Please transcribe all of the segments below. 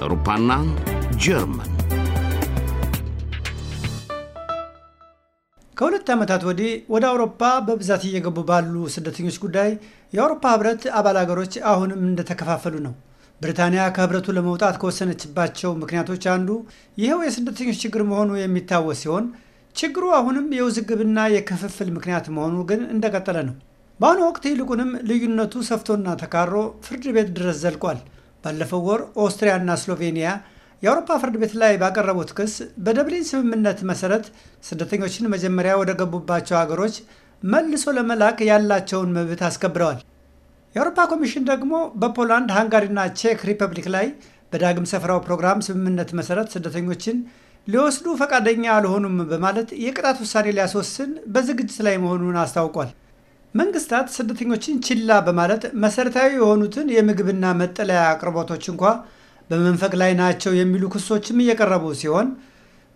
አውሮፓና ጀርመን ከሁለት ዓመታት ወዲህ ወደ አውሮፓ በብዛት እየገቡ ባሉ ስደተኞች ጉዳይ የአውሮፓ ህብረት አባል አገሮች አሁንም እንደተከፋፈሉ ነው። ብሪታንያ ከህብረቱ ለመውጣት ከወሰነችባቸው ምክንያቶች አንዱ ይኸው የስደተኞች ችግር መሆኑ የሚታወስ ሲሆን ችግሩ አሁንም የውዝግብና የክፍፍል ምክንያት መሆኑ ግን እንደቀጠለ ነው። በአሁኑ ወቅት ይልቁንም ልዩነቱ ሰፍቶና ተካሮ ፍርድ ቤት ድረስ ዘልቋል። ባለፈው ወር ኦስትሪያና ስሎቬኒያ የአውሮፓ ፍርድ ቤት ላይ ባቀረቡት ክስ በደብሊን ስምምነት መሰረት ስደተኞችን መጀመሪያ ወደ ገቡባቸው ሀገሮች መልሶ ለመላክ ያላቸውን መብት አስከብረዋል። የአውሮፓ ኮሚሽን ደግሞ በፖላንድ ሃንጋሪና ቼክ ሪፐብሊክ ላይ በዳግም ሰፈራው ፕሮግራም ስምምነት መሰረት ስደተኞችን ሊወስዱ ፈቃደኛ አልሆኑም በማለት የቅጣት ውሳኔ ሊያስወስን በዝግጅት ላይ መሆኑን አስታውቋል። መንግስታት ስደተኞችን ችላ በማለት መሰረታዊ የሆኑትን የምግብና መጠለያ አቅርቦቶች እንኳ በመንፈቅ ላይ ናቸው የሚሉ ክሶችም እየቀረቡ ሲሆን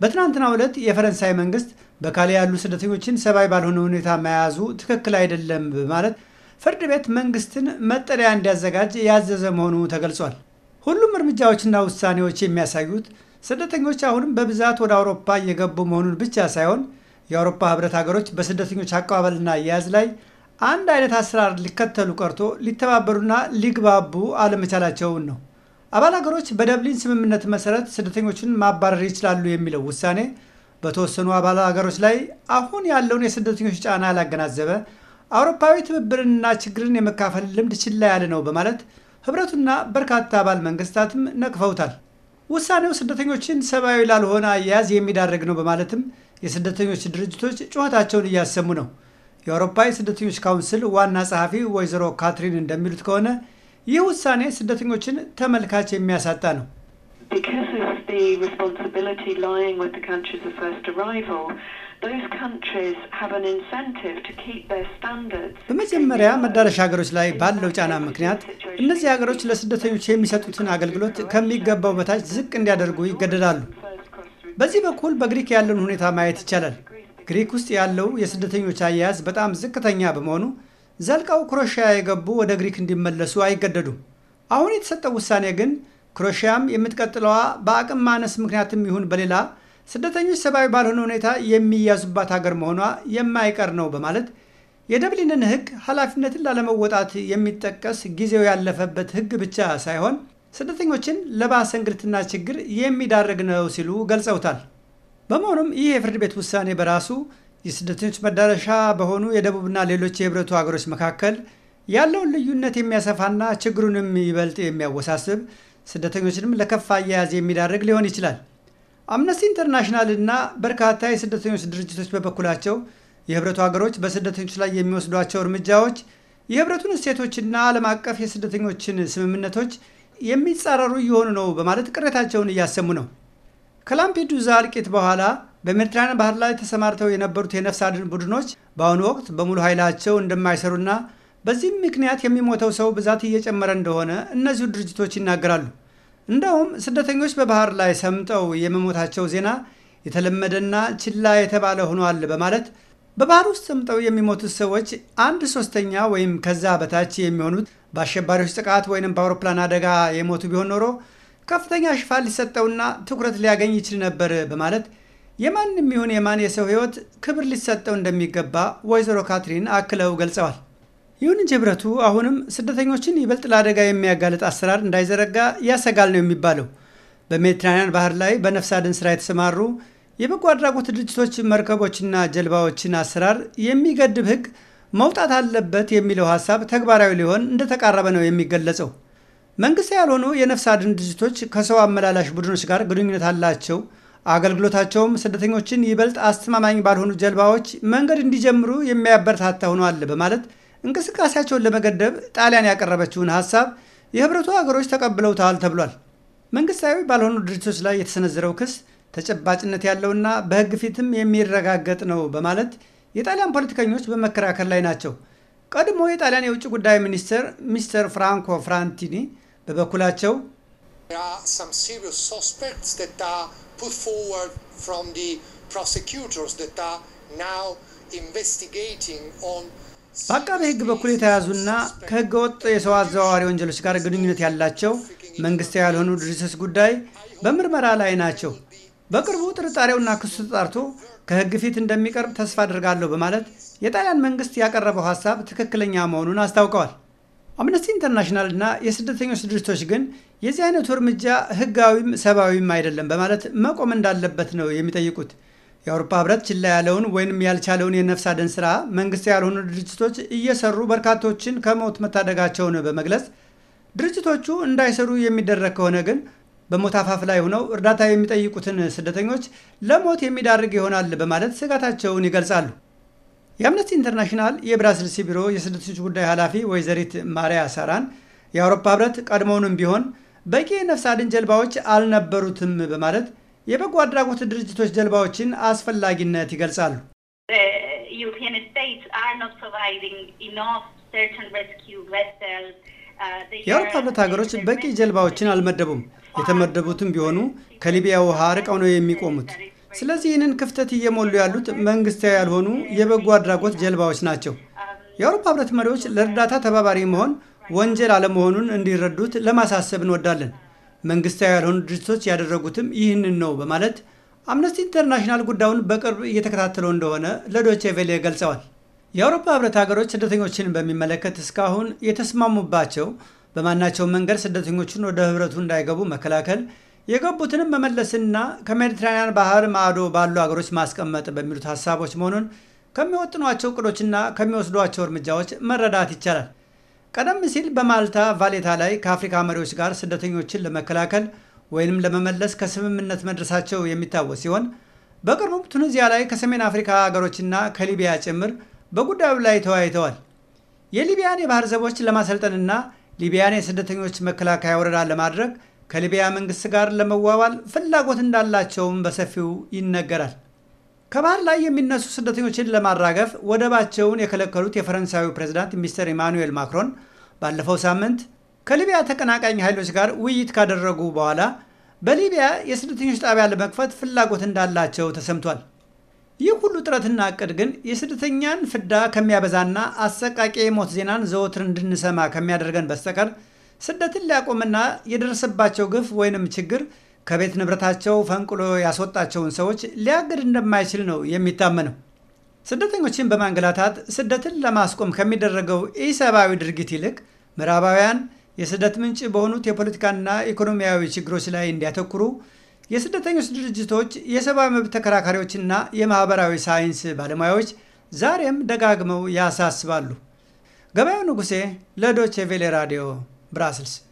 በትናንትናው ዕለት የፈረንሳይ መንግስት በካሌ ያሉ ስደተኞችን ሰብአዊ ባልሆነ ሁኔታ መያዙ ትክክል አይደለም በማለት ፍርድ ቤት መንግስትን መጠለያ እንዲያዘጋጅ ያዘዘ መሆኑ ተገልጿል። ሁሉም እርምጃዎችና ውሳኔዎች የሚያሳዩት ስደተኞች አሁንም በብዛት ወደ አውሮፓ እየገቡ መሆኑን ብቻ ሳይሆን የአውሮፓ ህብረት ሀገሮች በስደተኞች አቀባበልና አያያዝ ላይ አንድ አይነት አሰራር ሊከተሉ ቀርቶ ሊተባበሩና ሊግባቡ አለመቻላቸውን ነው። አባል ሀገሮች በደብሊን ስምምነት መሰረት ስደተኞችን ማባረር ይችላሉ የሚለው ውሳኔ በተወሰኑ አባል ሀገሮች ላይ አሁን ያለውን የስደተኞች ጫና ያላገናዘበ፣ አውሮፓዊ ትብብርንና ችግርን የመካፈል ልምድ ችላ ያለ ነው በማለት ህብረቱና በርካታ አባል መንግስታትም ነቅፈውታል። ውሳኔው ስደተኞችን ሰብአዊ ላልሆነ አያያዝ የሚዳረግ ነው በማለትም የስደተኞች ድርጅቶች ጩኸታቸውን እያሰሙ ነው። የአውሮፓ የስደተኞች ካውንስል ዋና ጸሐፊ ወይዘሮ ካትሪን እንደሚሉት ከሆነ ይህ ውሳኔ ስደተኞችን ተመልካች የሚያሳጣ ነው። በመጀመሪያ መዳረሻ ሀገሮች ላይ ባለው ጫና ምክንያት እነዚህ ሀገሮች ለስደተኞች የሚሰጡትን አገልግሎት ከሚገባው በታች ዝቅ እንዲያደርጉ ይገደዳሉ። በዚህ በኩል በግሪክ ያለውን ሁኔታ ማየት ይቻላል። ግሪክ ውስጥ ያለው የስደተኞች አያያዝ በጣም ዝቅተኛ በመሆኑ ዘልቀው ክሮሽያ የገቡ ወደ ግሪክ እንዲመለሱ አይገደዱም። አሁን የተሰጠው ውሳኔ ግን ክሮሽያም የምትቀጥለዋ በአቅም ማነስ ምክንያትም ይሁን በሌላ ስደተኞች ሰብአዊ ባልሆነ ሁኔታ የሚያዙባት ሀገር መሆኗ የማይቀር ነው በማለት የደብሊንን ሕግ ኃላፊነትን ላለመወጣት የሚጠቀስ ጊዜው ያለፈበት ሕግ ብቻ ሳይሆን ስደተኞችን ለባሰ እንግልትና ችግር የሚዳርግ ነው ሲሉ ገልጸውታል። በመሆኑም ይህ የፍርድ ቤት ውሳኔ በራሱ የስደተኞች መዳረሻ በሆኑ የደቡብና ሌሎች የህብረቱ ሀገሮች መካከል ያለውን ልዩነት የሚያሰፋና ችግሩንም ይበልጥ የሚያወሳስብ ስደተኞችንም ለከፋ አያያዝ የሚዳርግ ሊሆን ይችላል። አምነስቲ ኢንተርናሽናል እና በርካታ የስደተኞች ድርጅቶች በበኩላቸው የህብረቱ ሀገሮች በስደተኞች ላይ የሚወስዷቸው እርምጃዎች የህብረቱን እሴቶችና ዓለም አቀፍ የስደተኞችን ስምምነቶች የሚጻረሩ እየሆኑ ነው በማለት ቅሬታቸውን እያሰሙ ነው። ከላምፔዱዛ እልቂት በኋላ በሜዲትራኒያን ባህር ላይ ተሰማርተው የነበሩት የነፍስ አድን ቡድኖች በአሁኑ ወቅት በሙሉ ኃይላቸው እንደማይሰሩና በዚህም ምክንያት የሚሞተው ሰው ብዛት እየጨመረ እንደሆነ እነዚሁ ድርጅቶች ይናገራሉ። እንደውም ስደተኞች በባህር ላይ ሰምጠው የመሞታቸው ዜና የተለመደና ችላ የተባለ ሆኗል በማለት በባህር ውስጥ ሰምጠው የሚሞቱት ሰዎች አንድ ሶስተኛ ወይም ከዛ በታች የሚሆኑት በአሸባሪዎች ጥቃት ወይም በአውሮፕላን አደጋ የሞቱ ቢሆን ኖሮ ከፍተኛ ሽፋን ሊሰጠውና ትኩረት ሊያገኝ ይችል ነበር በማለት የማንም ይሁን የማን የሰው ህይወት ክብር ሊሰጠው እንደሚገባ ወይዘሮ ካትሪን አክለው ገልጸዋል። ይሁን እንጂ ህብረቱ አሁንም ስደተኞችን ይበልጥ ለአደጋ የሚያጋልጥ አሰራር እንዳይዘረጋ ያሰጋል ነው የሚባለው። በሜዲትራንያን ባህር ላይ በነፍስ አድን ስራ የተሰማሩ የበጎ አድራጎት ድርጅቶች መርከቦችና ጀልባዎችን አሰራር የሚገድብ ህግ መውጣት አለበት የሚለው ሀሳብ ተግባራዊ ሊሆን እንደተቃረበ ነው የሚገለጸው። መንግስት ያልሆኑ የነፍስ አድን ድርጅቶች ከሰው አመላላሽ ቡድኖች ጋር ግንኙነት አላቸው። አገልግሎታቸውም ስደተኞችን ይበልጥ አስተማማኝ ባልሆኑ ጀልባዎች መንገድ እንዲጀምሩ የሚያበረታታ ሆኗል በማለት እንቅስቃሴያቸውን ለመገደብ ጣሊያን ያቀረበችውን ሀሳብ የህብረቱ ሀገሮች ተቀብለውታል ተብሏል። መንግስታዊ ባልሆኑ ድርጅቶች ላይ የተሰነዘረው ክስ ተጨባጭነት ያለውና በህግ ፊትም የሚረጋገጥ ነው በማለት የጣሊያን ፖለቲከኞች በመከራከር ላይ ናቸው። ቀድሞ የጣሊያን የውጭ ጉዳይ ሚኒስትር ሚስተር ፍራንኮ ፍራንቲኒ በበኩላቸው በአቃቤ ሕግ በኩል የተያዙና ከሕገ ወጥ የሰው አዘዋዋሪ ወንጀሎች ጋር ግንኙነት ያላቸው መንግስታዊ ያልሆኑ ድርጅቶች ጉዳይ በምርመራ ላይ ናቸው። በቅርቡ ጥርጣሬውና ክሱ ተጣርቶ ከሕግ ፊት እንደሚቀርብ ተስፋ አድርጋለሁ በማለት የጣሊያን መንግስት ያቀረበው ሀሳብ ትክክለኛ መሆኑን አስታውቀዋል። አምነስቲ ኢንተርናሽናል እና የስደተኞች ድርጅቶች ግን የዚህ አይነቱ እርምጃ ህጋዊም ሰብአዊም አይደለም በማለት መቆም እንዳለበት ነው የሚጠይቁት። የአውሮፓ ህብረት ችላ ያለውን ወይንም ያልቻለውን የነፍስ አድን ስራ መንግስት ያልሆኑ ድርጅቶች እየሰሩ በርካቶችን ከሞት መታደጋቸውን በመግለጽ ድርጅቶቹ እንዳይሰሩ የሚደረግ ከሆነ ግን በሞት አፋፍ ላይ ሆነው እርዳታ የሚጠይቁትን ስደተኞች ለሞት የሚዳርግ ይሆናል በማለት ስጋታቸውን ይገልጻሉ። የአምነስቲ ኢንተርናሽናል የብራስልስ ቢሮ የስደተኞች ጉዳይ ኃላፊ ወይዘሪት ማሪያ ሳራን የአውሮፓ ህብረት ቀድሞውንም ቢሆን በቂ ነፍስ አድን ጀልባዎች አልነበሩትም በማለት የበጎ አድራጎት ድርጅቶች ጀልባዎችን አስፈላጊነት ይገልጻሉ። uh, የአውሮፓ ህብረት ሀገሮች በቂ ጀልባዎችን አልመደቡም። የተመደቡትም ቢሆኑ ከሊቢያ ውሃ ርቀው ነው የሚቆሙት። ስለዚህ ይህንን ክፍተት እየሞሉ ያሉት መንግስታዊ ያልሆኑ የበጎ አድራጎት ጀልባዎች ናቸው። የአውሮፓ ህብረት መሪዎች ለእርዳታ ተባባሪ መሆን ወንጀል አለመሆኑን እንዲረዱት ለማሳሰብ እንወዳለን። መንግስታዊ ያልሆኑ ድርጅቶች ያደረጉትም ይህንን ነው በማለት አምነስቲ ኢንተርናሽናል ጉዳዩን በቅርብ እየተከታተለው እንደሆነ ለዶቼ ቬሌ ገልጸዋል። የአውሮፓ ህብረት ሀገሮች ስደተኞችን በሚመለከት እስካሁን የተስማሙባቸው በማናቸው መንገድ ስደተኞችን ወደ ህብረቱ እንዳይገቡ መከላከል የገቡትንም መመለስና ከሜዲትራኒያን ባህር ማዶ ባሉ አገሮች ማስቀመጥ በሚሉት ሀሳቦች መሆኑን ከሚወጥኗቸው እቅዶችና ከሚወስዷቸው እርምጃዎች መረዳት ይቻላል። ቀደም ሲል በማልታ ቫሌታ ላይ ከአፍሪካ መሪዎች ጋር ስደተኞችን ለመከላከል ወይንም ለመመለስ ከስምምነት መድረሳቸው የሚታወስ ሲሆን በቅርቡም ቱኒዚያ ላይ ከሰሜን አፍሪካ አገሮችና ከሊቢያ ጭምር በጉዳዩ ላይ ተወያይተዋል። የሊቢያን የባህር ዘቦች ለማሰልጠንና ሊቢያን የስደተኞች መከላከያ ወረዳ ለማድረግ ከሊቢያ መንግስት ጋር ለመዋዋል ፍላጎት እንዳላቸውም በሰፊው ይነገራል። ከባህር ላይ የሚነሱ ስደተኞችን ለማራገፍ ወደባቸውን የከለከሉት የፈረንሳዊ ፕሬዝዳንት ሚስተር ኢማኑኤል ማክሮን ባለፈው ሳምንት ከሊቢያ ተቀናቃኝ ኃይሎች ጋር ውይይት ካደረጉ በኋላ በሊቢያ የስደተኞች ጣቢያ ለመክፈት ፍላጎት እንዳላቸው ተሰምቷል። ይህ ሁሉ ጥረትና እቅድ ግን የስደተኛን ፍዳ ከሚያበዛና አሰቃቂ የሞት ዜናን ዘወትር እንድንሰማ ከሚያደርገን በስተቀር ስደትን ሊያቆምና የደረሰባቸው ግፍ ወይንም ችግር ከቤት ንብረታቸው ፈንቅሎ ያስወጣቸውን ሰዎች ሊያግድ እንደማይችል ነው የሚታመነው። ስደተኞችን በማንገላታት ስደትን ለማስቆም ከሚደረገው ኢሰብአዊ ድርጊት ይልቅ ምዕራባውያን የስደት ምንጭ በሆኑት የፖለቲካና ኢኮኖሚያዊ ችግሮች ላይ እንዲያተኩሩ የስደተኞች ድርጅቶች፣ የሰብአዊ መብት ተከራካሪዎችና የማህበራዊ ሳይንስ ባለሙያዎች ዛሬም ደጋግመው ያሳስባሉ። ገበያው ንጉሴ ለዶቼ ቬሌ ራዲዮ Brasil.